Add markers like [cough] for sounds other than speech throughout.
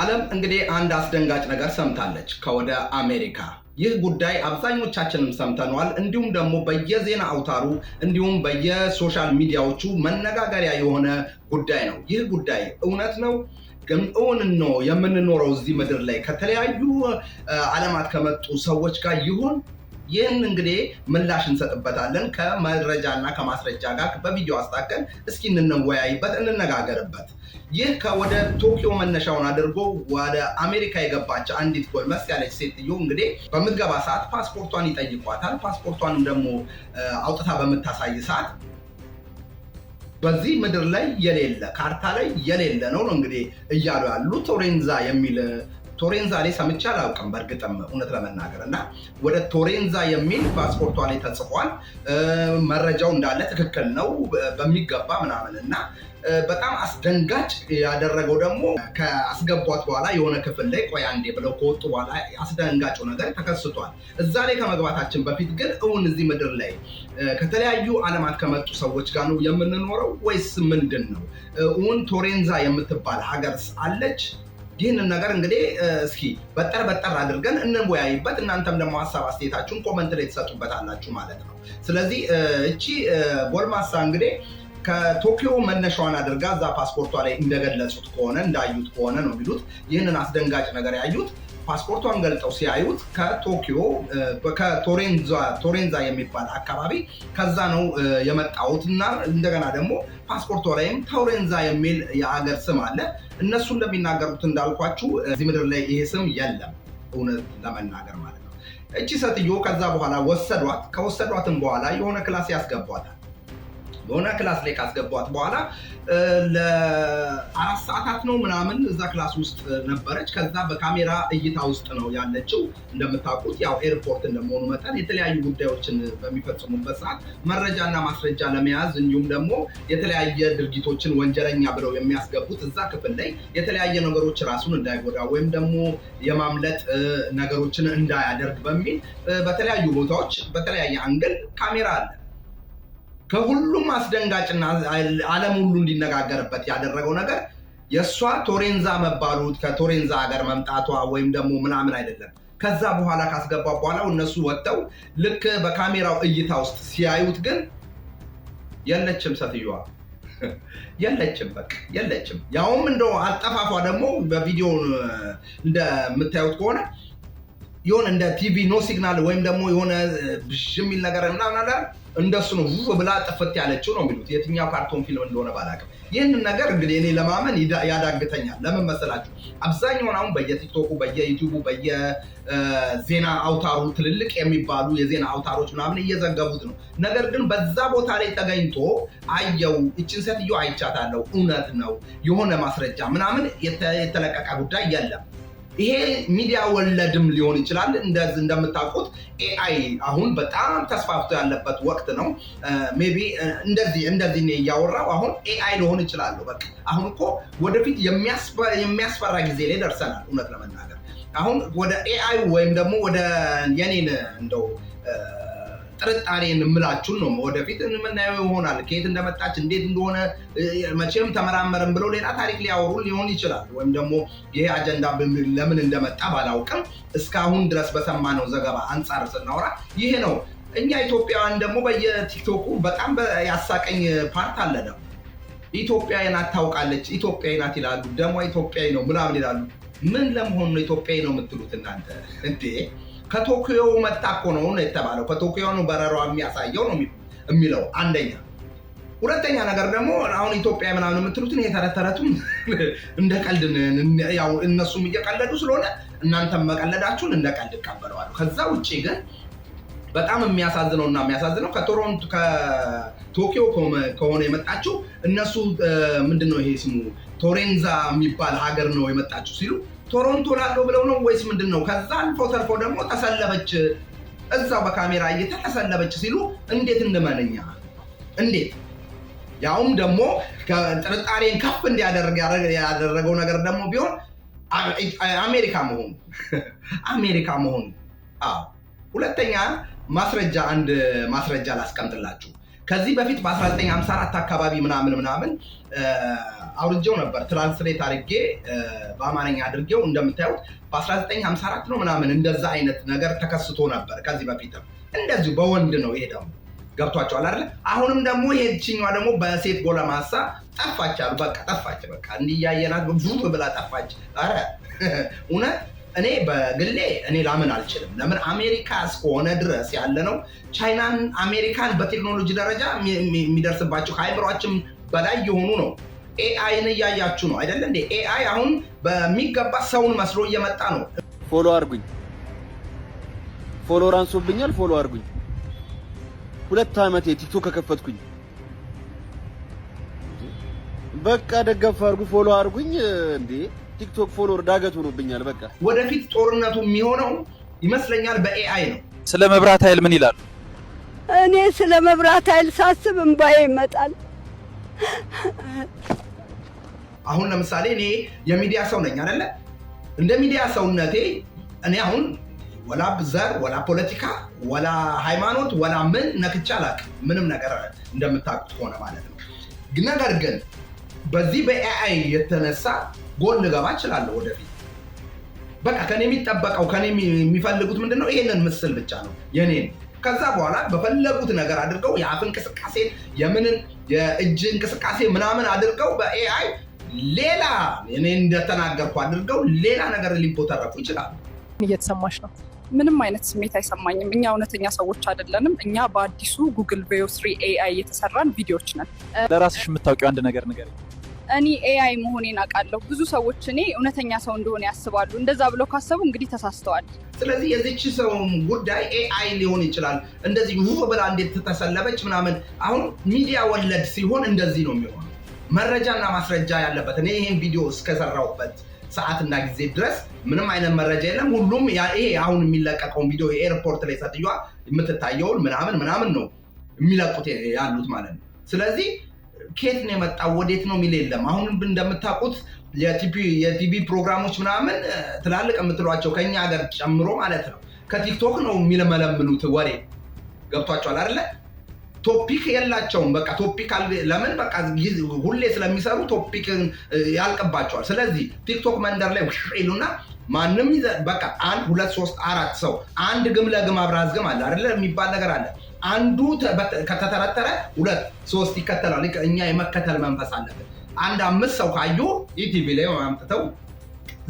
ዓለም እንግዲህ አንድ አስደንጋጭ ነገር ሰምታለች ከወደ አሜሪካ። ይህ ጉዳይ አብዛኞቻችንም ሰምተነዋል። እንዲሁም ደግሞ በየዜና አውታሩ እንዲሁም በየሶሻል ሚዲያዎቹ መነጋገሪያ የሆነ ጉዳይ ነው። ይህ ጉዳይ እውነት ነው ግን እውን ነው የምንኖረው እዚህ ምድር ላይ ከተለያዩ ዓለማት ከመጡ ሰዎች ጋር ይሁን ይህን እንግዲህ ምላሽ እንሰጥበታለን ከመረጃና ከማስረጃ ጋር በቪዲዮ አስታከል እስኪ እንወያይበት፣ እንነጋገርበት። ይህ ከወደ ቶኪዮ መነሻውን አድርጎ ወደ አሜሪካ የገባች አንዲት ጎልመስ ያለች ሴትዮ እንግዲህ በምትገባ ሰዓት ፓስፖርቷን ይጠይቋታል። ፓስፖርቷንም ደግሞ አውጥታ በምታሳይ ሰዓት በዚህ ምድር ላይ የሌለ ካርታ ላይ የሌለ ነው ነው እንግዲህ እያሉ ያሉ ቶሬንዛ የሚል ቶሬንዛ ላይ ሰምቼ አላውቅም፣ በእርግጥም እውነት ለመናገር እና ወደ ቶሬንዛ የሚል ፓስፖርቷ ላይ ተጽፏል። መረጃው እንዳለ ትክክል ነው በሚገባ ምናምን እና በጣም አስደንጋጭ ያደረገው ደግሞ ከአስገቧት በኋላ የሆነ ክፍል ላይ ቆይ አንዴ ብለው ከወጡ በኋላ አስደንጋጩ ነገር ተከስቷል። እዛ ላይ ከመግባታችን በፊት ግን እውን እዚህ ምድር ላይ ከተለያዩ ዓለማት ከመጡ ሰዎች ጋር ነው የምንኖረው ወይስ ምንድን ነው? እውን ቶሬንዛ የምትባል ሀገር አለች? ይህንን ነገር እንግዲህ እስኪ በጠር በጠር አድርገን እንወያይበት። እናንተም ደግሞ ሀሳብ አስተያየታችሁን ኮመንት ላይ ትሰጡበታላችሁ ማለት ነው። ስለዚህ እቺ ጎልማሳ እንግዲህ ከቶኪዮ መነሻዋን አድርጋ እዛ ፓስፖርቷ ላይ እንደገለጹት ከሆነ እንዳዩት ከሆነ ነው የሚሉት ይህንን አስደንጋጭ ነገር ያዩት ፓስፖርቷን ገልጠው ሲያዩት ከቶኪዮ ከቶሬንዛ የሚባል አካባቢ ከዛ ነው የመጣሁት እና እንደገና ደግሞ ፓስፖርቷ ላይም ቶሬንዛ የሚል የአገር ስም አለ። እነሱ እንደሚናገሩት እንዳልኳችሁ እዚህ ምድር ላይ ይሄ ስም የለም፣ እውነት ለመናገር ማለት ነው። እቺ ሴትዮ ከዛ በኋላ ወሰዷት። ከወሰዷትም በኋላ የሆነ ክላስ ያስገቧታል። የሆነ ክላስ ላይ ካስገቧት በኋላ ለአራት ሰዓታት ነው ምናምን እዛ ክላስ ውስጥ ነበረች። ከዛ በካሜራ እይታ ውስጥ ነው ያለችው። እንደምታውቁት ያው ኤርፖርት እንደመሆኑ መጠን የተለያዩ ጉዳዮችን በሚፈጽሙበት ሰዓት መረጃና ማስረጃ ለመያዝ እንዲሁም ደግሞ የተለያየ ድርጊቶችን ወንጀለኛ ብለው የሚያስገቡት እዛ ክፍል ላይ የተለያየ ነገሮች ራሱን እንዳይጎዳ ወይም ደግሞ የማምለጥ ነገሮችን እንዳያደርግ በሚል በተለያዩ ቦታዎች በተለያየ አንግል ካሜራ አለ። ከሁሉም አስደንጋጭና ዓለም ሁሉ እንዲነጋገርበት ያደረገው ነገር የእሷ ቶሬንዛ መባሉት ከቶሬንዛ ሀገር መምጣቷ ወይም ደግሞ ምናምን አይደለም። ከዛ በኋላ ካስገባ በኋላ እነሱ ወጥተው ልክ በካሜራው እይታ ውስጥ ሲያዩት ግን የለችም፣ ሴትዮዋ [laughs] የለችም፣ በቃ የለችም። ያውም እንደው አጠፋፏ ደግሞ በቪዲዮ እንደምታዩት ከሆነ የሆነ እንደ ቲቪ ኖ ሲግናል ወይም ደግሞ የሆነ ብዥ የሚል ነገር ምናምን ነገር እንደሱ ነው ብላ ጥፍት ያለችው ነው የሚሉት። የትኛው ካርቶን ፊልም እንደሆነ ባላቅም ይህንን ነገር እንግዲህ እኔ ለማመን ያዳግተኛል። ለምን መሰላችሁ? አብዛኛውን አሁን በየቲክቶኩ፣ በየዩቲዩቡ፣ በየዜና አውታሩ ትልልቅ የሚባሉ የዜና አውታሮች ምናምን እየዘገቡት ነው። ነገር ግን በዛ ቦታ ላይ ተገኝቶ አየው፣ እችን ሴትዮ አይቻታለው እውነት ነው የሆነ ማስረጃ ምናምን የተለቀቀ ጉዳይ የለም። ይሄ ሚዲያ ወለድም ሊሆን ይችላል። እንደምታውቁት ኤአይ አሁን በጣም ተስፋፍቶ ያለበት ወቅት ነው። ሜይ ቢ እንደዚህ እንደዚህ እያወራው አሁን ኤአይ ሊሆን ይችላሉ። በቃ አሁን እኮ ወደፊት የሚያስፈራ ጊዜ ላይ ደርሰናል። እውነት ለመናገር አሁን ወደ ኤአይ ወይም ደግሞ ወደ የኔን እንደው ጥርጣሬ የምላችሁን ነው። ወደፊት የምናየው ይሆናል። ከየት እንደመጣች እንዴት እንደሆነ መቼም ተመራመርን ብለው ሌላ ታሪክ ሊያወሩ ሊሆን ይችላል። ወይም ደግሞ ይሄ አጀንዳ ለምን እንደመጣ ባላውቅም እስካሁን ድረስ በሰማነው ዘገባ አንጻር ስናወራ ይሄ ነው። እኛ ኢትዮጵያውያን ደግሞ በየቲክቶኩ በጣም ያሳቀኝ ፓርት አለ። ደግሞ ኢትዮጵያዊ ናት ታውቃለች፣ ኢትዮጵያዊ ናት ይላሉ፣ ደግሞ ኢትዮጵያዊ ነው ምናምን ይላሉ። ምን ለመሆኑ ነው ኢትዮጵያዊ ነው የምትሉት እናንተ እንዴ? ከቶኪዮ መጣ እኮ ነው የተባለው። ከቶኪዮ ነው በረሯ የሚያሳየው ነው የሚለው አንደኛ። ሁለተኛ ነገር ደግሞ አሁን ኢትዮጵያ ምናምን የምትሉትን የተረተረቱም [laughs] እንደ ቀልድ እነሱም እየቀለዱ ስለሆነ እናንተም መቀለዳችሁን እንደ ቀልድ እቀበለዋለሁ። ከዛ ውጭ ግን በጣም የሚያሳዝነው እና የሚያሳዝነው ከቶሮንቶ ከቶኪዮ ከሆነ የመጣችው እነሱ ምንድነው ይሄ ስሙ ቶሬንዛ የሚባል ሀገር ነው የመጣችው ሲሉ ቶሮንቶ ላለው ብለው ነው ወይስ ምንድን ነው? ከዛ አልፎ ተርፎ ደግሞ ተሰለበች፣ እዛው በካሜራ እይታ ተሰለበች ሲሉ እንዴት እንመንኛ? እንዴት ያውም ደግሞ ጥርጣሬን ከፍ እንዲያደርግ ያደረገው ነገር ደግሞ ቢሆን አሜሪካ መሆኑ [laughs] አሜሪካ መሆኑ። ሁለተኛ ማስረጃ አንድ ማስረጃ ላስቀምጥላችሁ። ከዚህ በፊት በ1954 አካባቢ ምናምን ምናምን አውርጀው ነበር ትራንስሌት አድርጌ በአማርኛ አድርጌው እንደምታዩት በ1954 ነው ምናምን እንደዛ አይነት ነገር ተከስቶ ነበር። ከዚህ በፊትም እንደዚሁ በወንድ ነው። ይሄ ደግሞ ገብቷቸዋል አይደለ? አሁንም ደግሞ ይሄችኛዋ ደግሞ በሴት ጎለማሳ ጠፋች አሉ። በቃ ጠፋች፣ በቃ እንዲያየናት ብላ ጠፋች። ኧረ እውነት እኔ በግሌ እኔ ላምን አልችልም። ለምን አሜሪካ እስከሆነ ድረስ ያለ ነው። ቻይናን፣ አሜሪካን በቴክኖሎጂ ደረጃ የሚደርስባቸው ከአይምሯችን በላይ የሆኑ ነው። ኤአይን እያያችሁ ነው አይደለ እንዴ? ኤአይ አሁን በሚገባ ሰውን መስሎ እየመጣ ነው። ፎሎ አርጉኝ፣ ፎሎ ራንሶብኛል፣ ፎሎ አርጉኝ። ሁለት ዓመት ቲክቶክ ከከፈትኩኝ በቃ ደገፍ አርጉ፣ ፎሎ አርጉኝ እንዴ ቲክቶክ ፎሎወር ዳገት ሆኖብኛል። በቃ ወደፊት ጦርነቱ የሚሆነው ይመስለኛል በኤአይ ነው። ስለ መብራት ኃይል ምን ይላሉ? እኔ ስለ መብራት ኃይል ሳስብ እምባዬ ይመጣል። አሁን ለምሳሌ እኔ የሚዲያ ሰው ነኝ አይደለ? እንደ ሚዲያ ሰውነቴ እኔ አሁን ወላ ዘር ወላ ፖለቲካ ወላ ሃይማኖት ወላ ምን ነክቻ አላውቅም። ምንም ነገር እንደምታውቁት ከሆነ ማለት ነው። ነገር ግን በዚህ በኤአይ የተነሳ ጎል ልገባ እችላለሁ ወደፊት። በቃ ከኔ የሚጠበቀው ከኔ የሚፈልጉት ምንድነው? ይሄንን ምስል ብቻ ነው የኔን። ከዛ በኋላ በፈለጉት ነገር አድርገው የአፍ እንቅስቃሴ የምንን የእጅ እንቅስቃሴ ምናምን አድርገው በኤአይ ሌላ እኔ እንደተናገርኩ አድርገው ሌላ ነገር ሊቦተረፉ ይችላሉ። እየተሰማሽ ነው? ምንም አይነት ስሜት አይሰማኝም። እኛ እውነተኛ ሰዎች አይደለንም። እኛ በአዲሱ ጉግል ቬዮ ስሪ ኤአይ የተሰራን ቪዲዮዎች ነን። ለራስሽ የምታውቂው አንድ ነገር ንገሪኝ። እኔ ኤአይ መሆኔን አውቃለሁ። ብዙ ሰዎች እኔ እውነተኛ ሰው እንደሆነ ያስባሉ። እንደዛ ብለው ካሰቡ እንግዲህ ተሳስተዋል። ስለዚህ የዚች ሰው ጉዳይ ኤአይ ሊሆን ይችላል። እንደዚህ ውብ ብላ እንዴት ተሰለበች ምናምን። አሁን ሚዲያ ወለድ ሲሆን እንደዚህ ነው የሚሆነው። መረጃና ማስረጃ ያለበት እኔ ይህን ቪዲዮ እስከሰራሁበት ሰዓትና ጊዜ ድረስ ምንም አይነት መረጃ የለም። ሁሉም ይሄ አሁን የሚለቀቀውን ቪዲዮ የኤርፖርት ላይ ሰትዮዋ የምትታየውን ምናምን ምናምን ነው የሚለቁት ያሉት ማለት ነው። ስለዚህ ኬት ነው የመጣው ወዴት ነው የሚል የለም። አሁንም እንደምታውቁት የቲቪ ፕሮግራሞች ምናምን ትላልቅ የምትሏቸው ከኛ ሀገር ጨምሮ ማለት ነው ከቲክቶክ ነው የሚለመለምሉት ወሬ ገብቷቸዋል አይደለ? ቶፒክ የላቸውም። በቃ ቶፒክ ለምን በቃ ሁሌ ስለሚሰሩ ቶፒክ ያልቅባቸዋል። ስለዚህ ቲክቶክ መንደር ላይ ይሉና ማንም በቃ አንድ ሁለት ሶስት አራት ሰው አንድ ግም ለግም አብራዝግም አለ አይደለ የሚባል ነገር አለ አንዱ ከተተረተረ ሁለት ሶስት ይከተላል። እኛ የመከተል መንፈስ አለብን። አንድ አምስት ሰው ካዩ ኢቲቪ ላይ አምጥተው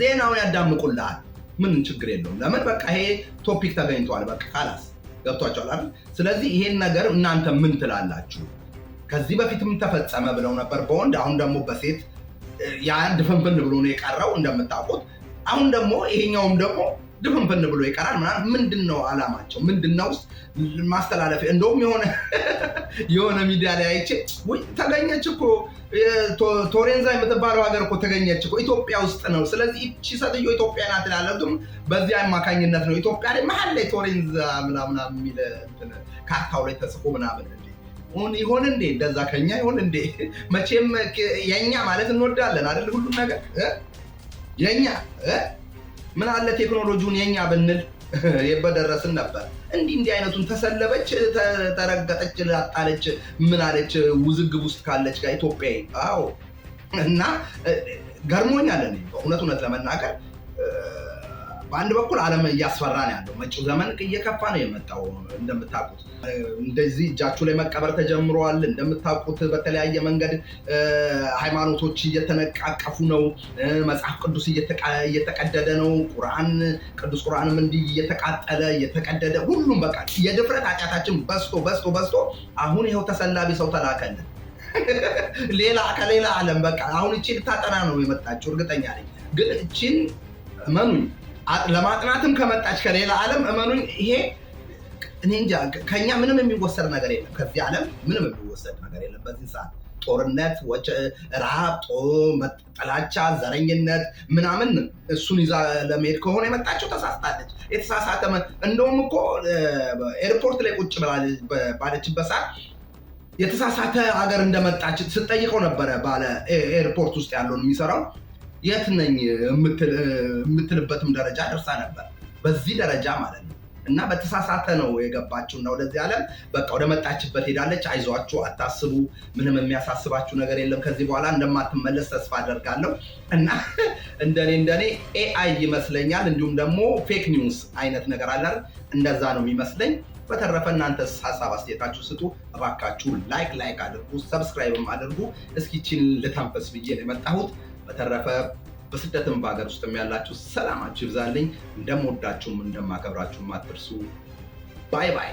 ዜናውን ያዳምቁልሃል። ምን ችግር የለውም። ለምን በቃ ይሄ ቶፒክ ተገኝተዋል። በቃ ካላስ ገብቷቸዋል አይደል? ስለዚህ ይሄን ነገር እናንተ ምን ትላላችሁ? ከዚህ በፊትም ተፈጸመ ብለው ነበር በወንድ አሁን ደግሞ በሴት የአንድ ፍንፍን ብሎ ነው የቀረው እንደምታውቁት። አሁን ደግሞ ይሄኛውም ደግሞ ድፍንፍን ብሎ ይቀራል ምናምን። ምንድን ነው አላማቸው? ምንድን ነው ውስጥ ማስተላለፍ? እንደውም የሆነ [laughs] የሆነ ሚዲያ ላይ አይቼ ውይ ተገኘች እኮ ቶሬንዛ የምትባለው ሀገር እኮ ተገኘች እኮ ኢትዮጵያ ውስጥ ነው። ስለዚህ እቺ ሰትዮ ኢትዮጵያ ናት ላለቱም በዚህ አማካኝነት ነው ኢትዮጵያ ላይ መሀል ላይ ቶሬንዛ ምናምና የሚል ካርታው ላይ ተጽፎ ምናምን ይሆን እንዴ? እንደዛ ከኛ ይሆን እንዴ? [laughs] መቼም የኛ ማለት እንወዳለን አይደል? ሁሉም ነገር የኛ ምን አለ ቴክኖሎጂውን የኛ ብንል [laughs] በደረስን ነበር። እንዲህ እንዲህ አይነቱን ተሰለበች፣ ተረገጠች፣ ላጣለች ምን አለች ውዝግብ ውስጥ ካለች ጋር ኢትዮጵያዊ አዎ። እና ገርሞኛል እኔ በእውነት እውነት ለመናገር በአንድ በኩል ዓለም እያስፈራ ነው ያለው። መጪው ዘመን እየከፋ ነው የመጣው። እንደምታውቁት እንደዚህ እጃችሁ ላይ መቀበር ተጀምረዋል። እንደምታውቁት በተለያየ መንገድ ሃይማኖቶች እየተነቃቀፉ ነው። መጽሐፍ ቅዱስ እየተቀደደ ነው። ቁርአን ቅዱስ ቁርአንም እንዲህ እየተቃጠለ እየተቀደደ፣ ሁሉም በቃ የድፍረት ኃጢአታችን በስቶ በስቶ በስቶ አሁን ይኸው ተሰላቢ ሰው ተላከልን [laughs] ሌላ ከሌላ ዓለም በቃ አሁን እቺ ልታጠና ነው የመጣችው እርግጠኛ ነኝ። ግን እቺን እመኑኝ ለማጥናትም ከመጣች ከሌላ ዓለም እመኑኝ ይሄ እኔ እንጃ ከኛ ምንም የሚወሰድ ነገር የለም። ከዚህ ዓለም ምንም የሚወሰድ ነገር የለም። በዚህ ሰዓት ጦርነት፣ ረሃብ፣ ጥላቻ፣ ዘረኝነት ምናምን እሱን ይዛ ለመሄድ ከሆነ የመጣቸው ተሳስታለች። የተሳሳተ እንደውም እኮ ኤርፖርት ላይ ቁጭ ባለችበት ሰዓት የተሳሳተ ሀገር እንደመጣች ስጠይቀው ነበረ ባለ ኤርፖርት ውስጥ ያለውን የሚሰራው የት ነኝ የምትልበትም ደረጃ ደርሳ ነበር። በዚህ ደረጃ ማለት ነው። እና በተሳሳተ ነው የገባችው እና ወደዚህ ዓለም በቃ ወደ መጣችበት ሄዳለች። አይዟችሁ፣ አታስቡ፣ ምንም የሚያሳስባችሁ ነገር የለም። ከዚህ በኋላ እንደማትመለስ ተስፋ አደርጋለሁ። እና እንደኔ እንደኔ ኤአይ ይመስለኛል። እንዲሁም ደግሞ ፌክ ኒውስ አይነት ነገር አለ። እንደዛ ነው የሚመስለኝ። በተረፈ እናንተ ሀሳብ አስተያየታችሁ ስጡ እባካችሁ። ላይክ ላይክ አድርጉ፣ ሰብስክራይብም አድርጉ። እስኪችን ልተንፈስ ብዬ ነው የመጣሁት። በተረፈ በስደትም በሀገር ውስጥም ያላችሁ ሰላማችሁ ይብዛልኝ። እንደምወዳችሁም እንደማከብራችሁም አትርሱ። ባይ ባይ።